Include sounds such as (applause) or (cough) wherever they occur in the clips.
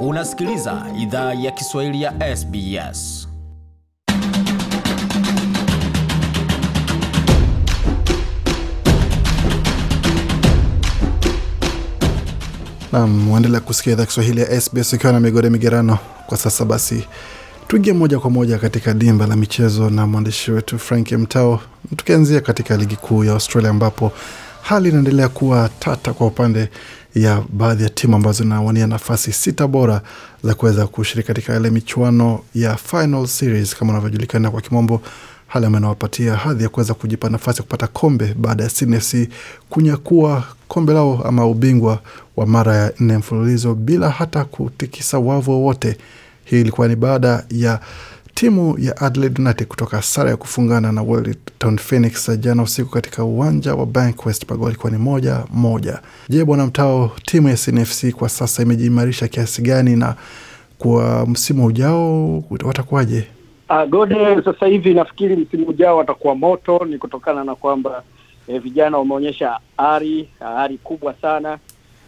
Unasikiliza idhaa ya Kiswahili ya SBS. nam waendelea kusikia idhaa Kiswahili ya SBS ukiwa na migode migerano kwa sasa. Basi tuingie moja kwa moja katika dimba la michezo na mwandishi wetu Frank Mtao, tukianzia katika ligi kuu ya Australia ambapo hali inaendelea kuwa tata kwa upande ya baadhi ya timu ambazo zinawania nafasi sita bora za kuweza kushiriki katika ile michuano ya final series kama unavyojulikana kwa kimombo, hali ambayo inawapatia hadhi ya kuweza kujipa nafasi ya kupata kombe baada ya CNFC kunyakua kombe lao ama ubingwa wa mara ya nne mfululizo bila hata kutikisa wavu wowote. Hii ilikuwa ni baada ya Timu ya Adelaide United kutoka sare ya kufungana na Wellington Phoenix jana usiku katika uwanja wa Bankwest pagoli kwa ni moja moja. Je, bwana Mtao, timu ya SNFC kwa sasa imejiimarisha kiasi gani na kwa msimu ujao watakuwaje? Uh, ah, Gode, sasa hivi nafikiri msimu ujao watakuwa moto, ni kutokana na kwamba eh, vijana wameonyesha ari ari kubwa sana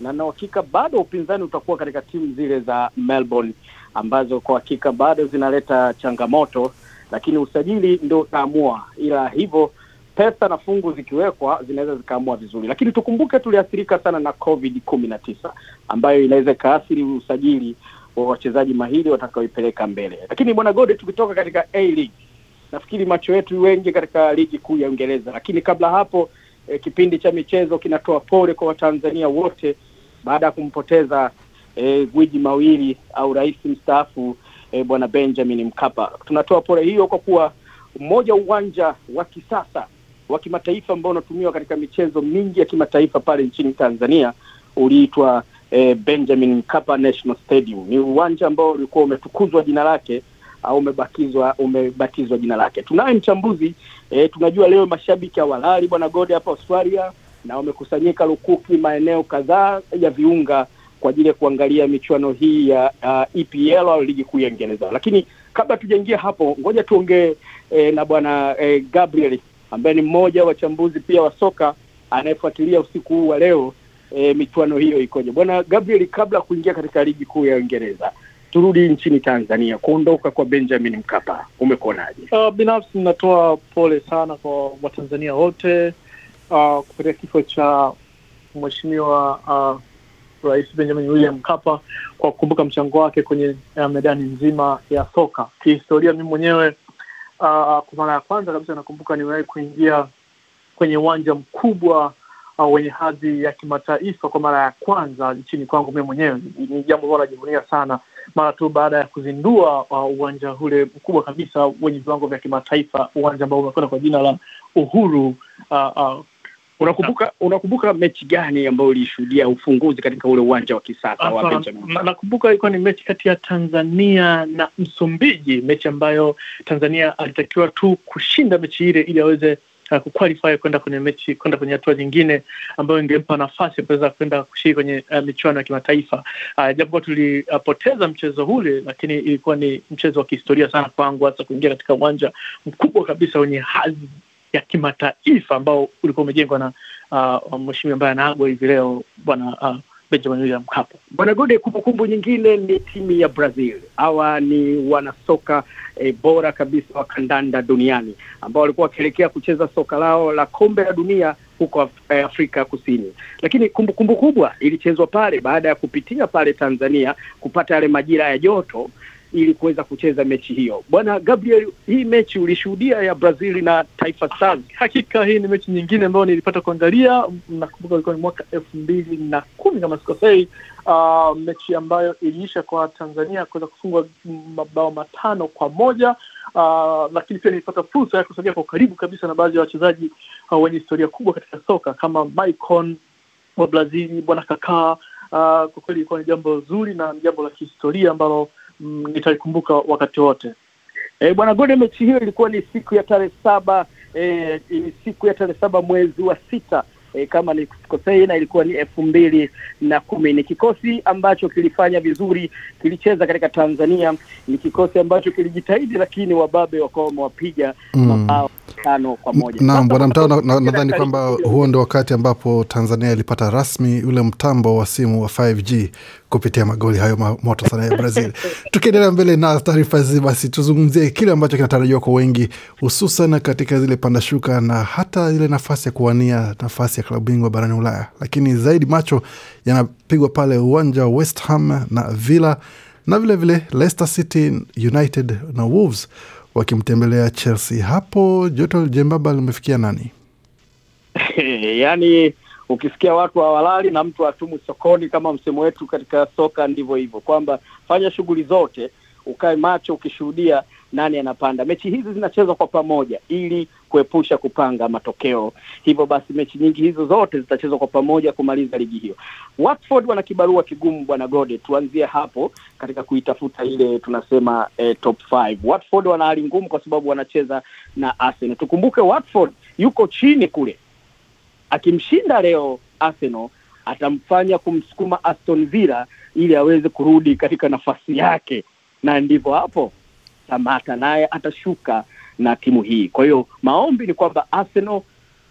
na na uhakika bado upinzani utakuwa katika timu zile za Melbourne ambazo kwa hakika bado zinaleta changamoto, lakini usajili ndio utaamua, ila hivyo pesa na fungu zikiwekwa zinaweza zikaamua vizuri, lakini tukumbuke tuliathirika sana na COVID kumi na tisa ambayo inaweza ikaathiri usajili wa wachezaji mahiri watakaoipeleka mbele. Lakini bwana Gode, tukitoka katika A League, nafikiri macho yetu wengi katika ligi kuu ya Uingereza, lakini kabla hapo eh, kipindi cha michezo kinatoa pole kwa Watanzania wote baada ya kumpoteza e, gwiji mawili au rais mstaafu e, bwana Benjamin Mkapa. Tunatoa pole hiyo kwa kuwa mmoja uwanja wa kisasa wa kimataifa ambao unatumiwa katika michezo mingi ya kimataifa pale nchini Tanzania uliitwa e, Benjamin Mkapa National Stadium. Ni uwanja ambao ulikuwa umetukuzwa jina lake au umebakizwa umebatizwa jina lake. Tunaye mchambuzi e, tunajua leo mashabiki hawalali bwana Gode hapa Australia na wamekusanyika lukuki maeneo kadhaa ya viunga kwa ajili ya kuangalia michuano hii ya uh, EPL au ligi kuu ya Uingereza. Lakini kabla tujaingia hapo, ngoja tuongee eh, na bwana eh, Gabriel ambaye ni mmoja wachambuzi pia wa soka anayefuatilia usiku huu wa leo eh, michuano hiyo ikoje. Bwana Gabriel, kabla ya kuingia katika ligi kuu ya Uingereza, turudi nchini Tanzania. Kuondoka kwa Benjamin Mkapa umekuonaje? Uh, binafsi natoa pole sana kwa Watanzania wote uh, ah, kufuatia kifo cha mheshimiwa uh, Rais Benjamin William Mkapa kwa kukumbuka mchango wake kwenye uh, medani nzima ya soka. Kihistoria mimi mwenyewe uh, kwa mara ya kwanza kabisa nakumbuka niwahi kuingia kwenye uwanja mkubwa uh, wenye hadhi ya kimataifa kwa mara ya kwanza nchini kwangu mimi mwenyewe. Ni jambo ambalo najivunia sana, mara tu baada ya kuzindua uh, uwanja ule mkubwa kabisa wenye viwango vya kimataifa, uwanja ambao umekwenda kwa jina la Uhuru uh, uh, Unakumbuka unakumbuka mechi gani ambayo ulishuhudia ufunguzi katika ule uwanja wa kisasa wa Benjamin? Nakumbuka ilikuwa ni mechi kati ya Tanzania na Msumbiji, mechi ambayo Tanzania alitakiwa tu kushinda mechi ile ili aweze uh, kuqualify kwenda kwenye mechi kwenda kwenye hatua nyingine ambayo ingempa nafasi ya kuweza kwenda kushiriki kwenye uh, michuano ya kimataifa. Uh, japo tulipoteza uh, mchezo ule, lakini ilikuwa ni mchezo wa kihistoria sana kwangu, hasa kuingia katika uwanja mkubwa kabisa wenye hadhi ya kimataifa ambao ulikuwa umejengwa na uh, mheshimiwa ambaye anaagwa hivi leo bwana uh, Benjamin William Mkapa. Bwana Gode, kumbukumbu nyingine ni timu ya Brazil. Hawa ni wanasoka e, bora kabisa wa kandanda duniani ambao walikuwa wakielekea kucheza soka lao la kombe la dunia huko e, Afrika Kusini, lakini kumbukumbu kubwa ilichezwa pale baada ya kupitia pale Tanzania kupata yale majira ya joto ili kuweza kucheza mechi hiyo. Bwana Gabriel, hii mechi ulishuhudia ya Brazil na Taifa Stars? Hakika hii ni mechi nyingine ambayo nilipata kuangalia. Nakumbuka ilikuwa ni mwaka elfu mbili na kumi kama sikosei, uh, mechi ambayo iliisha kwa Tanzania kuweza kufungwa mabao matano kwa moja. Uh, lakini pia nilipata fursa ya kusogea kwa karibu kabisa na baadhi ya wachezaji uh, wenye historia kubwa katika soka kama Maicon wa Brazil, bwana Kaká. Uh, kwa kweli ilikuwa ni jambo zuri na ni jambo la kihistoria ambalo Mm, nitaikumbuka wakati wote. E, bwana Gode, mechi hiyo ilikuwa ni siku ya tarehe saba e, ni siku ya tarehe saba mwezi wa sita e, kama kosei na ilikuwa ni elfu mbili na kumi. Ni kikosi ambacho kilifanya vizuri, kilicheza katika Tanzania, ni kikosi ambacho kilijitahidi, lakini wababe wakawa wamewapiga mabao mm tano kwa moja. Naam, bwana Mtao, nadhani kwamba huo ndio wakati ambapo Tanzania ilipata rasmi ule mtambo wa simu wa 5G kupitia magoli hayo moto sana ya Brazil. (laughs) Tukiendelea mbele na taarifa hizi, basi tuzungumzie kile ambacho kinatarajiwa kwa wengi, hususan katika zile panda shuka na hata ile nafasi ya kuwania nafasi ya klabu bingwa barani Ulaya, lakini zaidi macho yanapigwa pale uwanja wa West Ham na Villa na vilevile Leicester City United na Wolves wakimtembelea Chelsea. Hapo joto jembaba limefikia nani? (laughs) yani ukisikia watu hawalali na mtu atumu sokoni, kama msemo wetu katika soka ndivyo hivyo, kwamba fanya shughuli zote, ukae macho ukishuhudia nani anapanda. Mechi hizi zinachezwa kwa pamoja ili kuepusha kupanga matokeo. Hivyo basi mechi nyingi hizo zote zitachezwa kwa pamoja kumaliza ligi hiyo. Watford wana kibarua kigumu bwana Gode, tuanzie hapo katika kuitafuta ile tunasema eh, top five. Watford wana hali ngumu kwa sababu wanacheza na Arsenal. Tukumbuke Watford yuko chini kule, akimshinda leo Arsenal atamfanya kumsukuma Aston Villa ili aweze kurudi katika nafasi yake, na ndivyo hapo Samatta naye atashuka na timu hii. Kwa hiyo maombi ni kwamba Arsenal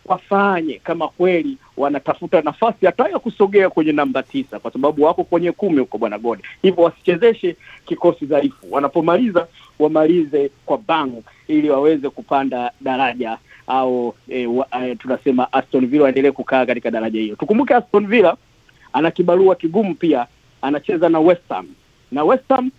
wafanye kama kweli wanatafuta nafasi hata ya kusogea kwenye namba tisa, kwa sababu wako kwenye kumi huko bwana Gode. Hivyo wasichezeshe kikosi dhaifu, wanapomaliza wamalize kwa bang ili waweze kupanda daraja au e, wa, e, tunasema Aston Villa waendelee kukaa katika daraja hiyo. Tukumbuke Aston Villa ana kibarua kigumu pia, anacheza na West Ham na West Ham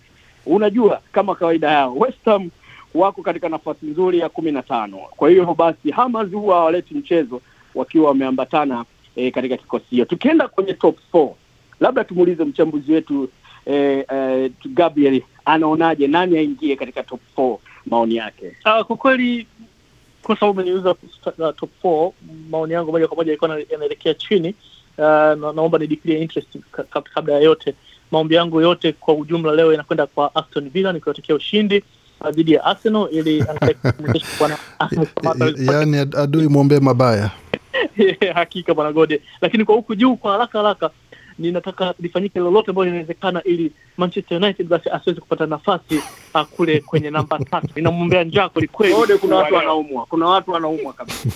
Unajua, kama kawaida yao West Ham wako katika nafasi nzuri ya kumi na tano. Kwa hiyo basi Hammers huwa hawaleti mchezo wakiwa wameambatana e, katika kikosi hiyo. Tukienda kwenye top four, labda tumuulize mchambuzi wetu e, e, Gabriel anaonaje nani aingie katika top four, maoni yake. Ah, kwa kweli kwa sababu umeniuliza uh, top four, maoni yangu moja kwa moja ilikuwa yanaelekea chini. Uh, na, naomba ni declare interest kabla ya yote maombi yangu yote kwa ujumla leo inakwenda kwa Aston Villa nikiwatakia ushindi uh, dhidi ya Arsenal ili (laughs) (laughs) yani, adui mwombee mabaya. Yeah, (laughs) hakika bwana Gode, lakini kwa huku juu kwa haraka haraka ninataka lifanyike lolote ambalo linawezekana ili Manchester United basi asiweze kupata nafasi uh, kule kwenye namba tatu. Ninamwombea njaa kwelikweli. Kuna watu wanaumwa, kuna watu wanaumwa kabisa.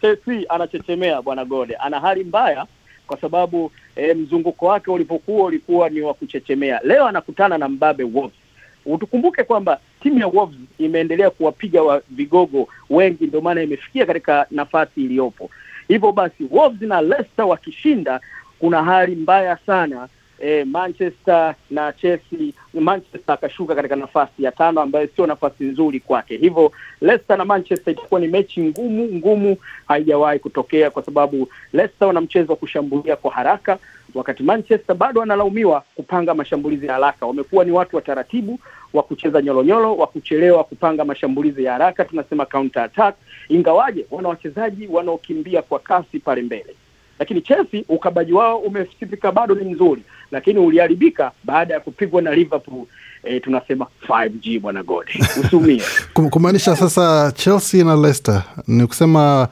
Chelsea anachechemea bwana Gode, ana hali mbaya kwa sababu e, mzunguko wake ulipokuwa ulikuwa ni wa kuchechemea. Leo anakutana na mbabe Wolves. Utukumbuke kwamba timu ya Wolves imeendelea kuwapiga wa vigogo wengi, ndio maana imefikia katika nafasi iliyopo. Hivyo basi Wolves na Leicester wakishinda, kuna hali mbaya sana eh, Manchester na Chelsea. Manchester akashuka katika nafasi ya tano ambayo sio nafasi nzuri kwake. Hivyo Leicester na Manchester itakuwa ni mechi ngumu ngumu, haijawahi kutokea kwa sababu Leicester wana mchezo wa kushambulia kwa haraka, wakati Manchester bado wanalaumiwa kupanga mashambulizi ya haraka. Wamekuwa ni watu wa taratibu wa kucheza nyolonyolo wa kuchelewa kupanga mashambulizi ya haraka, tunasema counter attack, ingawaje wana wachezaji wanaokimbia kwa kasi pale mbele. Lakini Chelsea ukabaji wao umesifika bado ni mzuri, lakini uliharibika baada ya kupigwa na Liverpool. E, tunasema 5G bwana Godi usumie (laughs) kumaanisha sasa Chelsea na Leicester ni kusema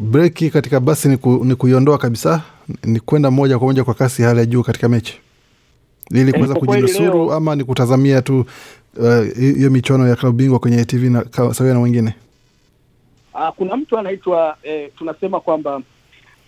breki katika basi ni, ku, ni kuiondoa kabisa, ni kwenda moja kwa moja kwa kasi hali ya juu katika mechi ili eh, kuweza kujinusuru, ama ni kutazamia tu eh, hiyo uh, michuano ya klabu bingwa kwenye TV na sawia na wengine. Ah, kuna mtu anaitwa eh, tunasema kwamba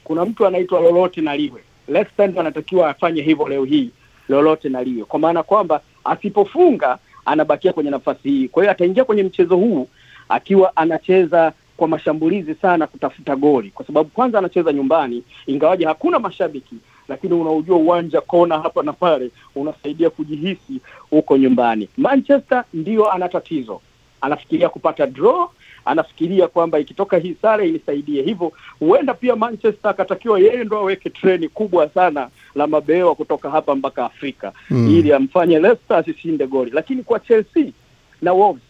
kuna mtu anaitwa lolote na liwe. Left anatakiwa afanye hivyo leo hii, lolote na liwe, kwa maana kwamba asipofunga anabakia kwenye nafasi hii. Kwa hiyo ataingia kwenye mchezo huu akiwa anacheza kwa mashambulizi sana kutafuta goli, kwa sababu kwanza anacheza nyumbani, ingawaje hakuna mashabiki, lakini unaojua uwanja, kona hapa na pale, unasaidia kujihisi huko nyumbani. Manchester ndiyo ana tatizo, anafikiria kupata draw anafikiria kwamba ikitoka hii sare inisaidie. Hivyo huenda pia Manchester akatakiwa yeye ndo aweke treni kubwa sana la mabehewa kutoka hapa mpaka Afrika mm. ili amfanye Leicester asishinde goli, lakini kwa Chelsea na Wolves,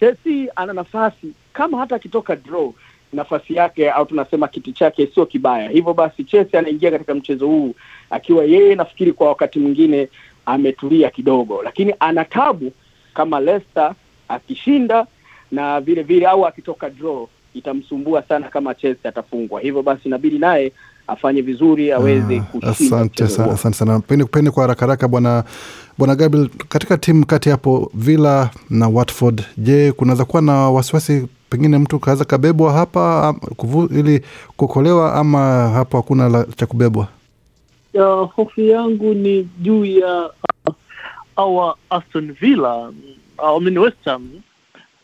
Chelsea ana nafasi kama hata akitoka draw nafasi yake au tunasema kiti chake sio kibaya. Hivyo basi Chelsea anaingia katika mchezo huu akiwa yeye, nafikiri kwa wakati mwingine ametulia kidogo, lakini ana tabu kama Leicester akishinda na vile vile au akitoka draw itamsumbua sana kama Chelsea atafungwa. Hivyo basi inabidi naye afanye vizuri aweze ah, kushinda. Asante sana, asante sana. Pende pende kwa haraka haraka, bwana bwana Gabriel, katika timu kati hapo Villa na Watford, je, kunaweza kuwa na wasiwasi pengine mtu kaweza kabebwa hapa kufu, ili kuokolewa ama hapo hakuna cha kubebwa? Ya, hofu yangu ni juu ya uh, awa Aston Villa uh, I mean West Ham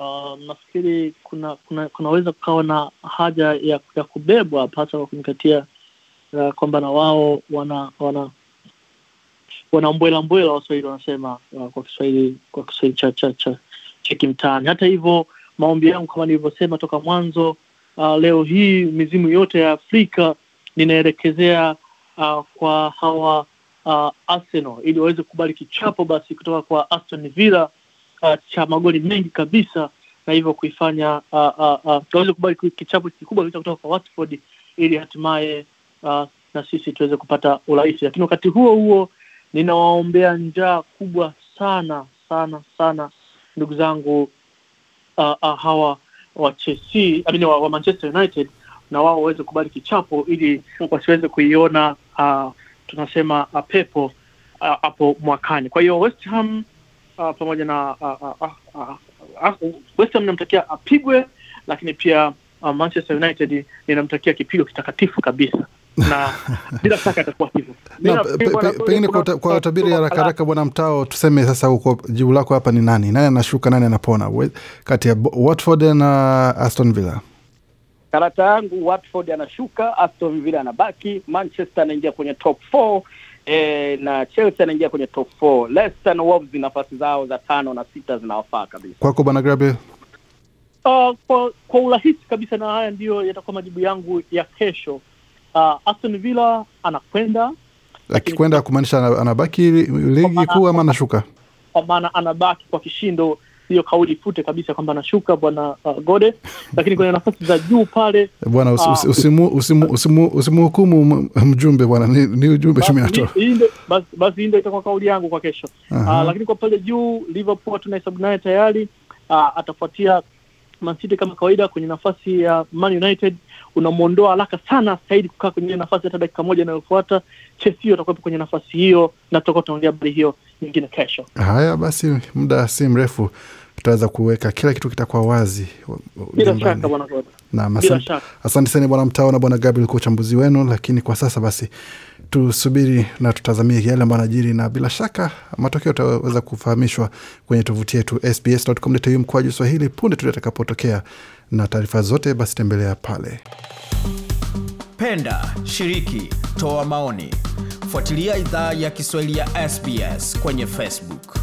uh, nafikiri kuna, kuna kunaweza kukawa na haja ya, ya kubebwa hasa kwa kuzingatia uh, kwamba na wao wana wana wanambwelambwela waswahili wanasema uh, kwa kiswahili kwa kiswahili cha, cha, cha, cha kimtaani hata hivyo maombi yangu kama nilivyosema toka mwanzo uh, leo hii mizimu yote ya afrika ninaelekezea uh, kwa hawa uh, arsenal ili waweze kukubali kichapo basi kutoka kwa aston villa uh, cha magoli mengi kabisa na hivyo kuifanya uh, uh, uh, kubali kichapo kikubwa kabisa kutoka kwa Watford ili hatimaye uh, na sisi tuweze kupata urahisi. Lakini wakati huo huo ninawaombea njaa kubwa sana sana sana ndugu zangu uh, uh, hawa wa Chelsea, I mean, wa, wa Manchester United na wao waweze kubali kichapo ili wasiweze kuiona uh, tunasema uh, pepo uh, hapo uh, mwakani. Kwa hiyo West Ham uh, pamoja na uh, uh, uh, uh, uh, Ham namtakia apigwe, lakini pia uh, Manchester United inamtakia kipigo kitakatifu kabisa na (laughs) bila shaka atakuwa hivyo. Pengine kwa tabiri ya haraka haraka, bwana Mtao, tuseme sasa, uko jibu lako hapa ni nani, nani anashuka, nani anapona kati ya Watford na Aston Villa? Karata yangu Watford anashuka, Aston Villa anabaki, Manchester anaingia kwenye top e, na Chelsea anaingia kwenye top 4. Leicester na Wolves nafasi zao za tano na sita zinawafaa kabisa. Kwako bwana Grabe? Uh, kwa, kwa urahisi kabisa, na haya ndiyo yatakuwa majibu yangu ya kesho. Uh, Aston Villa anakwenda akikwenda kumaanisha anabaki ligi kuu ama anashuka? Kwa maana anabaki kwa kishindo hiyo kauli ifute kabisa kwamba anashuka bwana uh, Gode, (laughs) lakini kwenye nafasi za juu pale bwana us, uh, usimu, usimu, usimu, usimuhukumu mjumbe bwana, ni, ni ujumbe Shumi anatoa basi, basi ndio itakuwa kauli yangu kwa kesho uh, lakini kwa pale juu Liverpool tunahesabu naye tayari uh, atafuatia Man City kama kawaida kwenye nafasi ya Man United unamwondoa haraka sana Saidi kukaa kwenye nafasi hata dakika moja inayofuata. Chelsea hiyo atakuwepo kwenye nafasi hiyo, na tutakuwa tunaongea habari hiyo nyingine kesho. Haya basi, muda si mrefu tutaweza kuweka kila kitu, kitakuwa wazi. Bila asante sana bwana Mtao na bwana Gabriel kwa uchambuzi wenu. Lakini kwa sasa basi tusubiri na tutazamie yale ambayo anajiri, na bila shaka matokeo utaweza kufahamishwa kwenye tovuti yetu sbs.com.au mkwaju Swahili punde tu atakapotokea na taarifa zote basi tembelea pale. Penda, shiriki, toa maoni, fuatilia idhaa ya Kiswahili ya SBS kwenye Facebook.